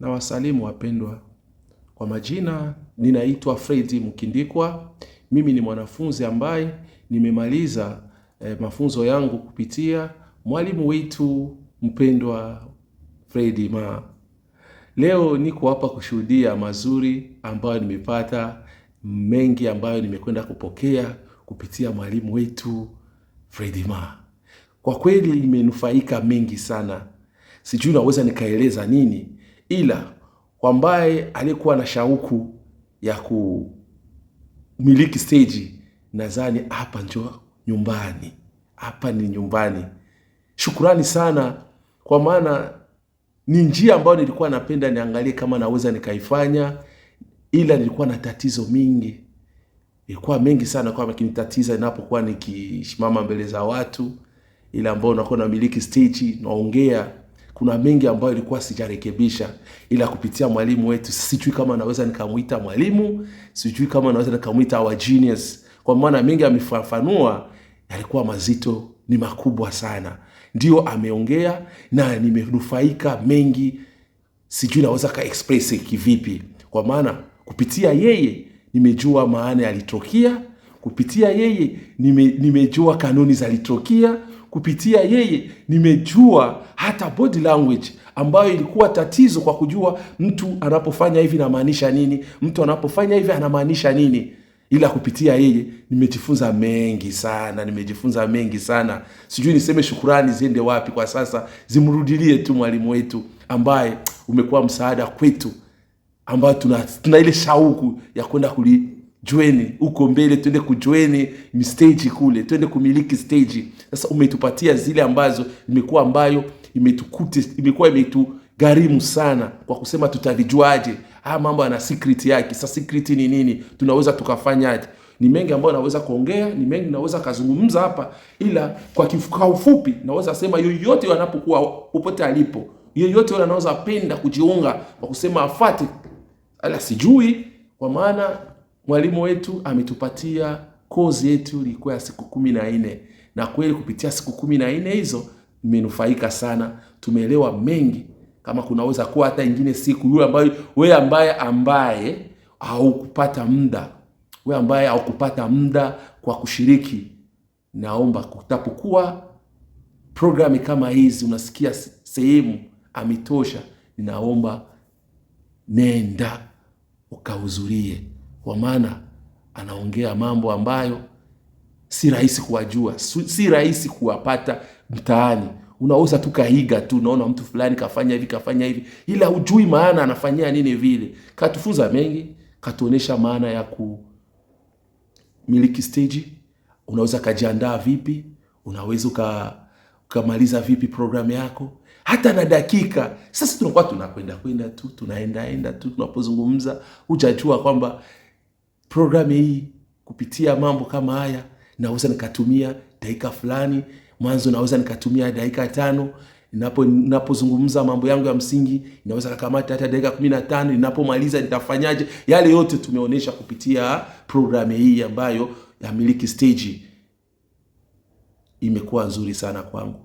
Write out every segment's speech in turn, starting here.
na wasalimu wapendwa kwa majina, ninaitwa Fredi Mkindikwa. Mimi ni mwanafunzi ambaye nimemaliza eh, mafunzo yangu kupitia mwalimu wetu mpendwa Fredi Ma. Leo niko hapa kushuhudia mazuri ambayo nimepata, mengi ambayo nimekwenda kupokea kupitia mwalimu wetu Fredi Ma. Kwa kweli nimenufaika mengi sana, sijui naweza nikaeleza nini ila ambaye alikuwa na shauku ya kumiliki steji, nadhani hapa njo nyumbani, hapa ni nyumbani. Shukurani sana, kwa maana ni njia ambayo nilikuwa napenda niangalie kama naweza nikaifanya, ila nilikuwa na tatizo mingi, ilikuwa mengi sana kwa kinitatiza inapokuwa nikisimama mbele za watu, ila ambao nakuwa namiliki steji naongea kuna mengi ambayo ilikuwa sijarekebisha, ila kupitia mwalimu wetu, sijui kama naweza nikamwita mwalimu, sijui kama naweza nikamwita our genius, kwa maana mengi amefafanua yalikuwa mazito, ni makubwa sana, ndio ameongea na nimenufaika mengi, sijui naweza ka express kivipi, kwa maana kupitia yeye nimejua maana yalitokea, kupitia yeye nime, nimejua kanuni za kupitia yeye nimejua hata body language ambayo ilikuwa tatizo kwa kujua mtu anapofanya hivi namaanisha nini, mtu anapofanya hivi anamaanisha nini. Ila kupitia yeye nimejifunza mengi sana, nimejifunza mengi sana. Sijui niseme shukurani ziende wapi kwa sasa, zimrudilie tu mwalimu wetu ambaye umekuwa msaada kwetu, ambayo tuna, tuna ile shauku ya kwenda kuli jweni huko mbele, tuende kujweni mstage kule, tuende kumiliki stage. Sasa umetupatia zile ambazo imekuwa ambayo imetukute imekuwa imetugharimu sana kwa kusema tutavijuaje? Haya mambo yana secret yake. Sasa secret ni nini? Tunaweza tukafanyaje? Ni mengi ambayo naweza kuongea, ni mengi naweza kazungumza hapa, ila kwa kifuka ufupi naweza sema yoyote wanapokuwa popote alipo, yoyote wale anaweza penda kujiunga kwa kusema afate ala sijui, kwa maana mwalimu wetu ametupatia kozi yetu ilikuwa ya siku kumi na nne na kweli kupitia siku kumi na nne hizo nimenufaika sana, tumeelewa mengi. Kama kunaweza kuwa hata ingine siku, yule ambaye we ambaye ambaye haukupata muda, wewe ambaye haukupata muda kwa kushiriki, naomba kutapokuwa programu kama hizi unasikia sehemu ametosha, ninaomba nenda ukahudhurie kwa maana anaongea mambo ambayo si rahisi kuwajua, si rahisi kuwapata mtaani. Unaweza tu kaiga tu, unaona mtu fulani kafanya hivi kafanya hivi, ila hujui maana anafanyia nini vile. Katufunza mengi, katuonesha maana ya kumiliki stage. Unaweza kajiandaa vipi, unaweza uka, ukamaliza vipi programu yako hata na dakika. Sasa tunakuwa tunakwenda kwenda tu tunaendaenda tu tunapozungumza, hujajua kwamba programu hii kupitia mambo kama haya, naweza nikatumia dakika fulani mwanzo, naweza nikatumia dakika tano Napo napozungumza mambo yangu ya msingi inaweza kakamata hata dakika kumi na tano. inapomaliza nitafanyaje? Yale yote tumeonyesha kupitia programu hii ambayo ya Miliki Steji imekuwa nzuri sana kwangu.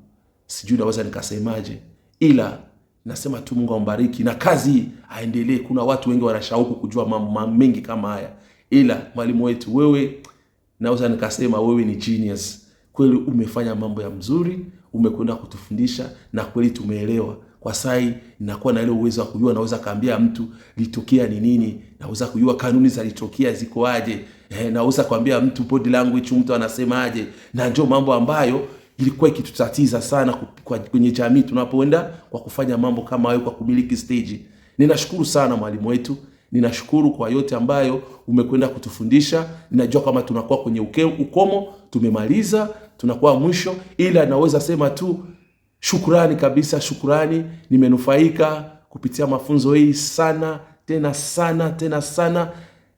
Sijui naweza nikasemaje, ila nasema tu Mungu ambariki na kazi aendelee. Kuna watu wengi wanashauku kujua mambo mengi kama haya ila mwalimu wetu wewe, naweza nikasema wewe ni genius kweli, umefanya mambo ya mzuri, umekwenda kutufundisha na kweli tumeelewa kwa sai inakuwa na ile uwezo wa kujua, naweza kaambia mtu litokea ni nini, naweza kujua kanuni za litokea ziko aje, eh, naweza kuambia mtu body language mtu anasemaje, na ndio mambo ambayo ilikuwa ikitutatiza sana kwenye jamii tunapoenda kwa kufanya mambo kama hayo, kwa kumiliki stage. Ninashukuru sana mwalimu wetu. Ninashukuru kwa yote ambayo umekwenda kutufundisha. Ninajua kama tunakuwa kwenye ukomo, tumemaliza, tunakuwa mwisho, ila naweza sema tu shukurani kabisa, shukurani. Nimenufaika kupitia mafunzo hii sana tena sana tena sana,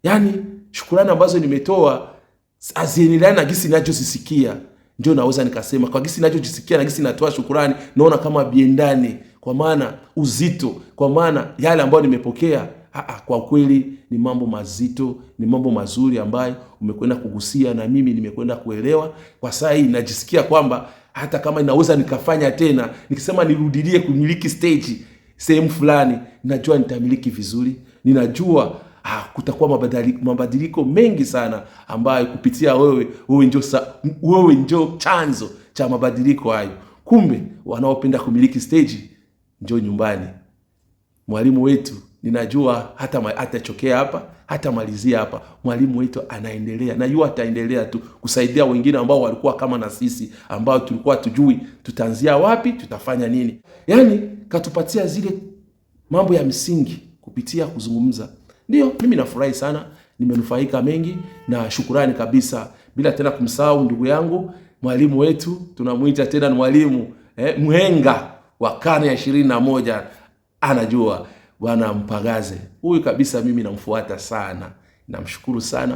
yani shukurani ambazo nimetoa haziendeleani na gisi inachozisikia ndio naweza nikasema kwa gisi inachojisikia na gisi natoa shukurani, naona kama biendani, kwa maana uzito, kwa maana yale ambayo nimepokea Aa, ah, ah, kwa kweli ni mambo mazito, ni mambo mazuri ambayo umekwenda kugusia na mimi nimekwenda kuelewa. Kwa saa hii najisikia kwamba hata kama inaweza nikafanya tena, nikisema nirudilie kumiliki stage sehemu fulani, najua nitamiliki vizuri, ninajua Ah, kutakuwa mabadiliko, mabadiliko mengi sana ambayo kupitia wewe wewe njo wewe njo chanzo cha mabadiliko hayo. Kumbe wanaopenda kumiliki stage njo nyumbani, mwalimu wetu ninajua hata atachokea hapa, malizia hapa. Mwalimu wetu anaendelea na yuo ataendelea tu kusaidia wengine ambao walikuwa kama na sisi, ambao tulikuwa tujui tutaanzia wapi, tutafanya nini. Yani katupatia zile mambo ya msingi kupitia kuzungumza. Ndio mimi nafurahi sana, nimenufaika mengi na shukurani kabisa, bila tena kumsahau ndugu yangu mwalimu wetu, tunamwita tena mwalimu eh, mhenga wa karne ya ishirini na moja anajua Bwana mpagaze huyu kabisa, mimi namfuata sana, namshukuru sana